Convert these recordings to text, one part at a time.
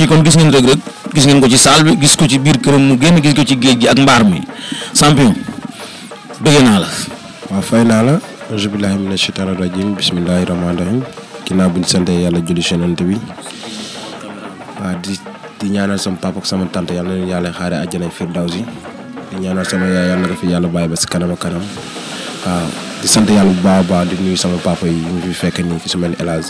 kii kon gis ngeen Reug Reug gis ngeen ko ci saal bi gis ko ci biir këram mu génn gis ko ci géej gi ak mbaar mi champion bëgg naa la. waaw fay naa la. auzu billaahi mina shaytaani rajiim bismillaahi rahmaani yàlla julli bi waaw di di ñaanal sama papa ak sama tante yàlla na leen yàlla xaare àjjana firdawsi di ñaanal sama yaay yàlla na ko fi yàlla bàyyi ba si kanam kanam waaw. di sant yàlla bu baax baax di nuyu sama papa yi ñu fi fekk nii ku si mel ni El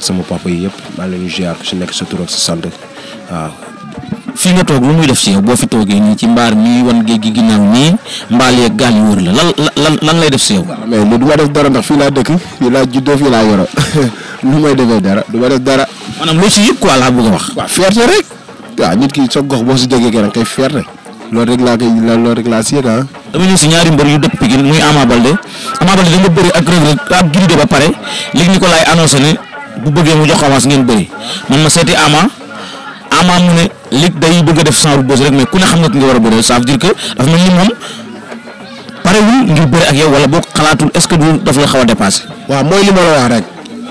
sama papa yi yëpp maa ngi leen di ziar nekk sa tur ak sa sant waaw. fii nga toog lu muy def si boo fi toogee nii ci mbaar mii wan géej gi ginnaaw nii mbaal yeeg gaal yi la lan lan lay def si yow. mais du ma def dara ndax fii laa dëkk fii laa juddoo fii laa yoroo lu may defee dara du ma def dara. maanaam lu si yëg quoi laa bëgg a wax. waaw fierté rek. waaw nit ki sa gox boo si jógee kenn kay fierté loolu rek laa koy loolu rek laa si yëg ah. dama ñëw si ñaari mbër yu dëpp Pikine muy Ama Baldé Ama Baldé da nga bëri ak Reug Reug ak Gris 2 ba pare léegi Nicolas annoncé ne bu bëggee mu jox avance ngeen bëri man ma seeti Ama Ama mu ne léegi day bëgg a def sans repos rek mais ku ne xam nga ki nga war a bëri ça veut dire que dafa mel ni moom parewul ngir bëri ak yow wala boo xalaatul est ce que du daf la xaw a dépassé. waaw mooy li wax rek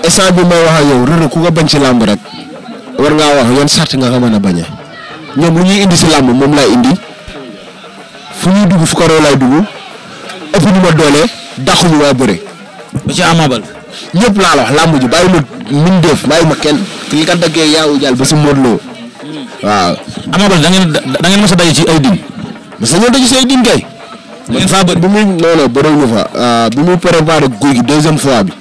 instant bi may wax ak yow Reug Reug ku nga bañ ci làmb rek war ngaa wax yan sart nga ko mën a bañee ñoom lu ñuy indi si làmb moom laay indi. fu ñuy dugg fu ko raw laay dugg ëpp ñu ma doole dàqu ñu ma bëre. ba ci Ama Baldé. ñëpp laa la wax làmb ji bàyyi ma min def bàyyi ma kenn ki ka daggee yaawu jàll ba si Modou Lo waaw. Ama Baldé da ngeen da ngeen mos a daje ci ay din. mos a ñëw daje ci aw din kay. da ngeen faa bëri bi mu non non bëriwul ñu fa ah, bi muy préparé gi deuxième fois bi.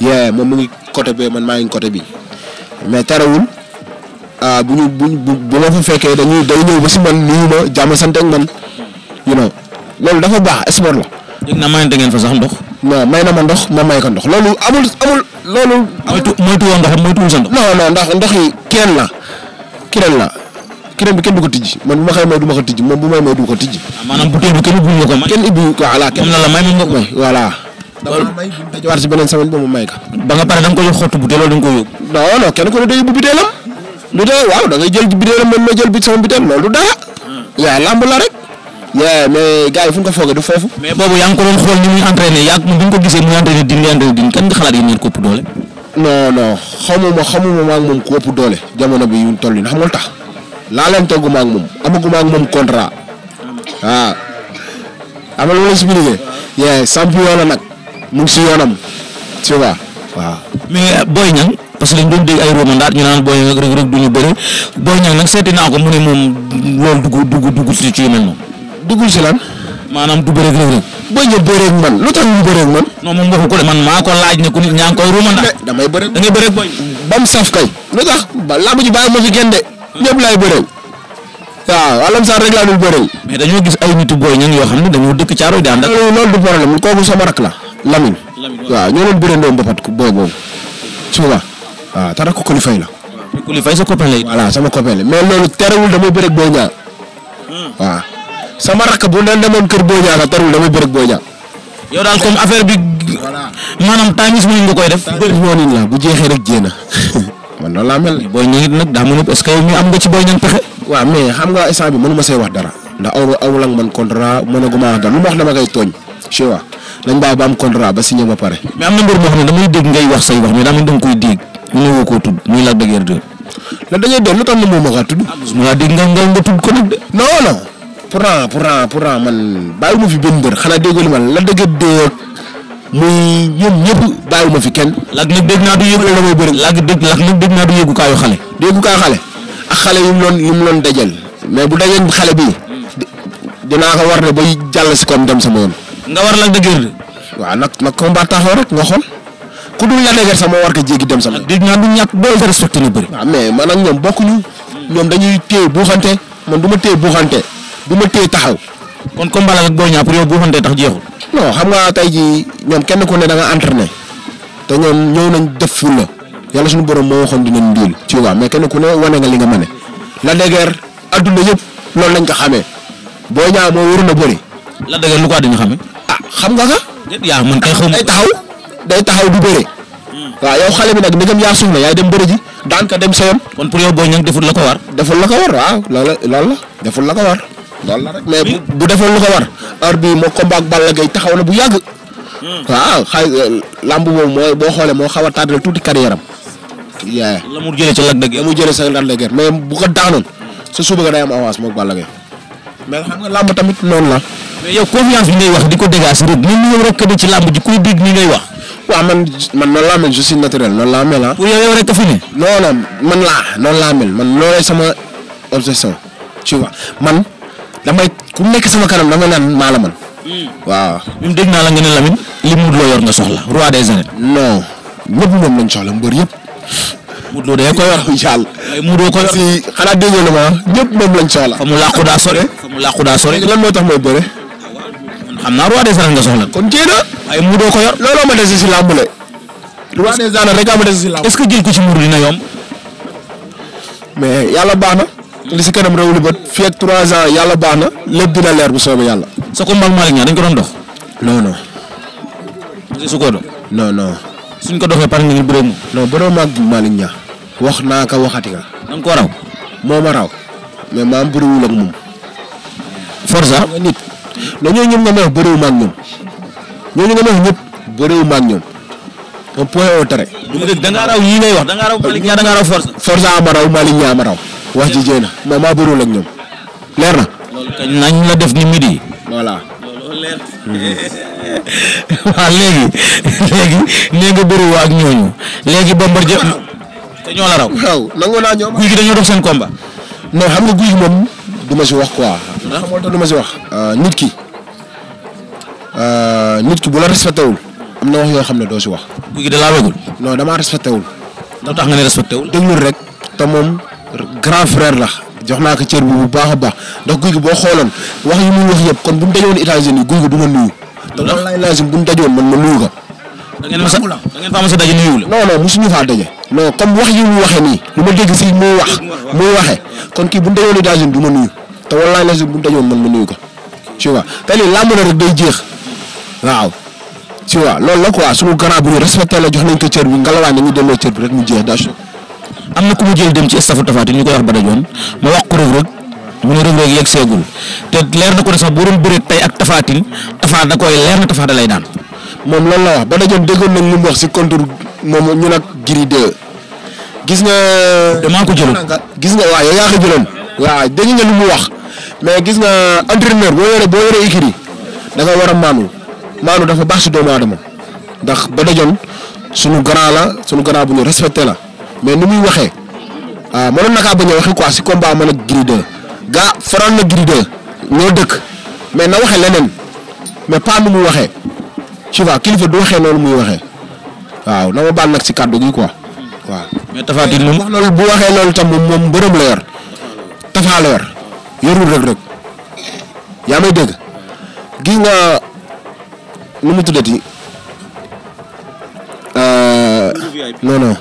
yee moom mu ngi côté bee man maa ngi côté bi mais terewul ah, bu ñu bu bu ma fa fekkee dañuy day ñëw ba si man nuyu ma jàmm sant ak man. you know loolu dafa baax sport la. na naa mayante ngeen fa sax ndox. may na ma ndox ma may ko ndox loolu amul amul loolu. moytu moytuwoo ndoxam moytuwul sa ndox. non non ndax kenn la keneen la bu ma xamee du ma bu ko tijji. Ah, maanaam butéel bi kenn ubbiwul ko may. kenn ubbiwul ko voilà kenn. moom ko voilà. loolu dama may bu ñu dajewaat ko nga koy yóbbu. non waaw da jël butéelam man ma jël bi sama butéel loolu du dara. Ah. yaa lamb la rek yeah mais gaa yi fu ñu ko foogee du foofu. mais boobu yaa ngi ko doon xool ni muy entraîné yaa ngi ko gisee muy entraîné di entraîné di kan nga xalaat yéen ñëpp ko ëpp doole. maa ngi moom ku ëpp doole jamono bi yuñ toll nii xam nga tax laalante gu ma ak moom amagu ma ak moom contrat waaw ah. am na lu ma expliqué yeah champion nag mu ngi si yoonam tu vois waaw. mais Boy Niang parce que dañ doon dégg ay romandaat ñu naan Boy Niang rek rek du ñu bëri Boy Niang nag seeti naa ko mu ne moom loolu dugg dugg dugg ci ci yu mel noonu. duggul si lan. maanaam du bëreeg rek rek. boo ñëw bëreeg man lu tax ñu bëreeg man. non moom waxu ko de man maa ñaa ngi da ngay bëreeg booy. bam saf kay. lu tax ba làmb ma fi génn de. ñëpp laay bëreeg. waaw alam saar rek laa dul bëreeg. mais dañoo gis ay nitu booy ñang yoo xam ne dañoo dëkk caaro daan. loolu loolu du problème kooku sama rak la Lamine. Lamine waaw ñoo doon bëreendoo mbapat booy boobu. suba waaw te rakk Coly Faye la. Coly Faye sa copain la. voilà sama rakk bu ne demoon kër Boña la tarul damay bëri Boña. yow daal comme affaire bi maanaam taamis mooy nga koy def. bëri moonin la bu jeexee rek jéem a man noonu laa mel. booy ñëw it nag daa mën a est que yow am nga ci booy ñan nga instant bi mënu wax dara. ndax aw aw la man contrat mënaguma wax dara lu ma wax dama koy tooñ. je am contrat ba signé ba pare. mais am na mbir moo xam ne damay dégg ngay wax say wax mais daa da nga tudd muy la dëgër de. la dëgër de lu tax na moom moo kaa tudd. ah mosuma dégg nga nga tudd ko nag de. non pourtant pourtant pourtant man bàyyiwuma fi benn mbër xanaa déggoo li ma la dëgg dëgg muy ñoom ñëpp bàyyiwuma fi kenn. lag nag dégg naa du yëngu la may bëri. dégg lag nag dégg naa du yëngu kaayu xale. yëngu kaayu xale ak xale yu mu doon yu mu doon dajal. xale bii. dinaa ko war ne bay jàll si koom dem sama yoon. nga war lag dëgër de. waaw nag nag combat taxaw rek nga xool. ku dul la dëgër sama war ko jéggi dem sama yoon. dégg naa du ñàkk boo respecté lu bëri. waaw mais man ak ñoom bokkuñu. ñoom dañuy téye buuxante man du ma téye buuxante bu ma téye taxaw. kon combat la ak Boy Niang pour tax jeexul. non xam nga tey jii ñoom kenn ku ne da nga entraîné te ñoom ñëw nañ def ful la yàlla suñu borom moo waxoon dinañ diil ci mais kenn ne wane nga li nga mën la dëgër adduna yëpp loolu lañ ko xamee Boy Niang moo waroon a bëri. la dëgër lu ko dañu xamee. ah xam nga ka. yaa man kay xaw day taxaw day taxaw du bëre. waaw yow xale bi nag ndegam yaa suuf na yaay dem bëri ji daan ka dem sa yoon. kon pour yow Boy Niang deful la ko war. deful la ko war waaw loolu la deful la ko war. loolu mais bu bu defoon lu ko war heure bii moo combat ak Balla Gaye taxaw na bu yàgg. Hmm. waaw xay euh, làmb boobu mooy boo xoolee moo xaw a tardé tuuti carrière am. yaa la mu jëlee ci Lac de Guiers mu jëlee sa Lac de Guiers mais bu ko daanoon sa suba nga day am avance moog Balla Gaye. mais xam nga tamit noonu la. mais yow confiance bi wax di ko dégage rek ñun ci làmb ji kuy dégg ni wax. waaw man man noonu laa mel je suis laa mel ah. pour yow yow rek a man laa noonu laa mel man loolee sama obsession tu vois man. damay ku nekk sama kanam dama naan maa la man waaw. même dégg naa la nga ne Lamine li Modou Lo yor nga soxla roi des arènes. non ñëpp moom lañ soxla mbër yëpp. Modou de ko yor yàlla. waaye Modou ko yor ñëpp moom lañ soxla. fa mu làqu daa sore. fa mu làqu daa lan moo tax mooy bëre. xam naa roi des arènes nga soxla. kon jéem a. waaye Modou ko yor. looloo ma dese si làmb la. roi des arènes rek a ma dese si làmb. est-ce que jël ko ci Modou dina yomb. mais yàlla baax na. li si kanam réew li bët fii ak trois ans yàlla baax na lépp dina leer bu soobee yàlla. sa ko mbal Malick Niang ko doon dox. non non. su ko doon. suñ ko doxee pare nga ñu bëree mu. non bëroo wax naa ko waxati nga. na nga koo raw. moo ma raw. mais maam bëriwul ak moom. Forza nit. non ñooñu ma ak ñoom. ñëpp. bëriwu ma ak ñoom. un point au wax da ngaa raw Malick Niang ma raw wax ji jéem a maa bëriwul ak ñoom leer na. loolu nañ la def ni midi. voilà. waaw léegi léegi nee nga bëriwoo ak ñooñu léegi Bombardier te ñoo la raw. waaw nangu dañoo dox seen combat. non xam nga guy moom duma si wax quoi. Ah. xamal tax ma si wax. Euh, nit ki euh, nit ki bu la respecté wul. am na wax yoo xam ne doo si wax. guy gi da laa bëggul. non wul. ndax tax nga ne respecté wul. déglul rek te moom. grand frère la jox naa ko cër bi bu baax a baax ndax guy gi boo xooloon wax yi mu wax yëpp kon bu mu dajoon États-Unis guy gi du ma nuyu. te loolu laay laajum bu ñu dajoon man ma nuyu ko. da ngeen fa da ngeen fa mos a daje nuyu la. non non mosuñu faa daje. non wax yi mu waxee ma dégg si muy wax muy waxee kon kii bu ñu dajoon États-Unis du ma nuyu te wallaay laajum bu ñu dajoon man ma nuyu ko tu vois te lii làmb la rek day jeex waaw. tu vois loolu la quoi sunu grand bu ñu respecté la jox nañ ko cër bi ngalawaa nañu delloo cër bi rek mu jeex daa am na ku mu jël dem ci stafu Tafatin ñu koy wax Badajon ma wax ko Reug Reug mu ne Reug Reug yegg seegul te leer na ko ne sax bu doon bëree tey ak Tafatin Tafa na koy leer na Tafa da lay daan. moom loolu la wax Badajon déggoon nañ li mu wax si contour moom ñu nag Gris 2 gis nga. damaa ko jëloon gis nga waaw yow yaa ko jëloon. waaw dégg nga lu mu wax mais gis nga entraîneur boo yore boo yore écurie da nga war a maanu maanu dafa baax si doomu aadama ndax Badajon suñu grand la sunu grand bu ñu respecté la. mais ni muy waxee ah mënoon na kaa bañ a waxee quoi si combat man ak Gris 2 gaa faral na Gris 2 dëkk mais na waxee leneen mais pas nu muy waxee tu vois kilifa du waxee noonu muy waxee waaw na ma baal nag si kàddu gi quoi waaw. wax loolu bu waxee loolu tam moom moom bërëm la yor Tapha la yor yorul rek rek yaa may dégg gi nga nu mu tuddati euh, non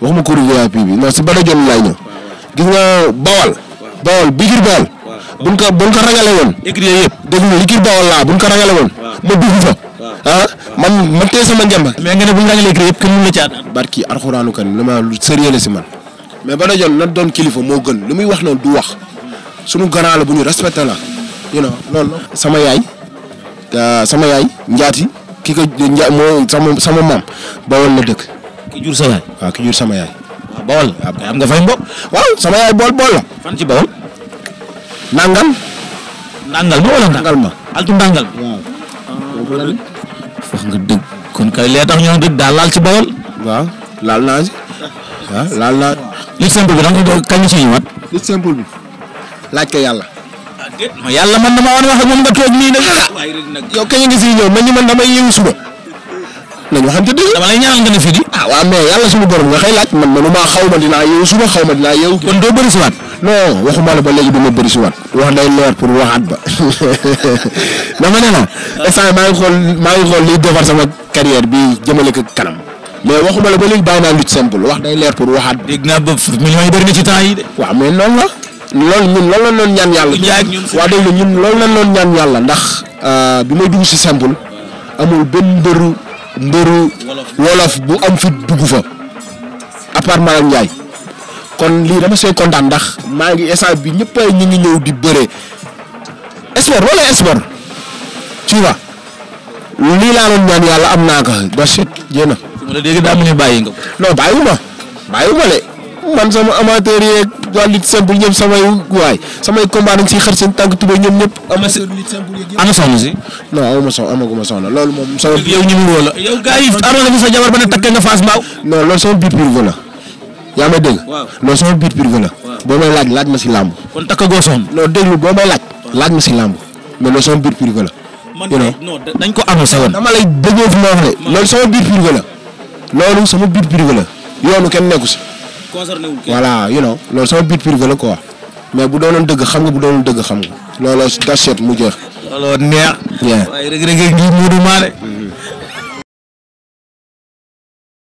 waxuma kuréel VIP bi non si Bada Dione laay ñëw. gis nga bawal. bawal bi kii bawal. buñ ko buñ ko ragale woon. écrit yëpp dégg nga li kii bawal laa buñ ko ragale woon. ma dugg fa. ah man man tey sama njàmba. mais nga ne bu ñu ragalee écrit yëpp kenn mën la caat. barki arxuraanu kan li ma lu sérieux la si man. mais Bada Dione na doon kilifa moo gën li muy wax noonu du wax sunu grand la bu ñu respecté la you know loolu sama yaay ah, sama yaay njaati ki ko moo sama sama maam bawal la dëkk. ki jur sa yaay. waaw ki jur sama yaay. waaw Bawol la. fan ci Bawol. Nangal. Nangal ma wala Nangal ma. altu Nangal. waaw. nga dëgg. kon kay lee tax ñu dëgg daal laal ci Bawol. waaw naa si. ah laal naa. lutte simple bi da kañ ci ñëwaat. laaj ko yàlla. ah déet yàlla man damaa war a wax moom nga toog nii nag. waaye rek nag yow kañ nga ñu man damay yëngu suba. nañ waxante dëgg. dama lay ñaanal nga ne fii di. ah waaw mais yàlla suñu borom nga xëy ma dinaa yow suba xaw ma dinaa yow. kon doo bëri si waat. non la ba léegi dama bëri si waat. wax day ne la. instant yii maa ngi xool maa ngi xool liy defar sama carrière bi jëmale ko kanam. la ba noonu la. loolu ñun la yàlla. waa dégg ñun loolu la doon ñaan yàlla ndax euh, bi may dugg si simple amul benn mbëru mbëru wolof bu am fit dugg fa à part Malang Ndiaye kon lii dama see kontaan ndax maa ngi instant bi ñëpp ñu ngi ñëw di bëre sport wala sport tu vois lii laa doon ñaan yàlla am naa ko ba set jéem a. su ma la déggee daa bàyyi nga ko. non bàyyiwuma bàyyiwuma man sama amateur yeeg waa lutte simple ñoom samay waay samay combat dañ siy seen tànk tubéy ñoom ñëpp. am si ana soxna si. non amuma soxna amaguma soxna loolu sama na fi sa jabar ba ne takkee nga Fass Mbao. biir la. yaa may biir laaj ma si làmb. kon takk goo soxna. non déglu boo may laaj. la. man non dañ ko annoncé woon. dama lay déggoo fi ma wax ne. loolu sama biir la. loolu sama biir privé la yoonu kenn nekku si concerné wul kenn. voilà you know loolu sama but privé la quoi mais bu doonoon dëgg xam nga bu doonoon dëgg xam nga looloo gâchette mu jeex. looloo neex. bien waaye Reug Reug ngi Modou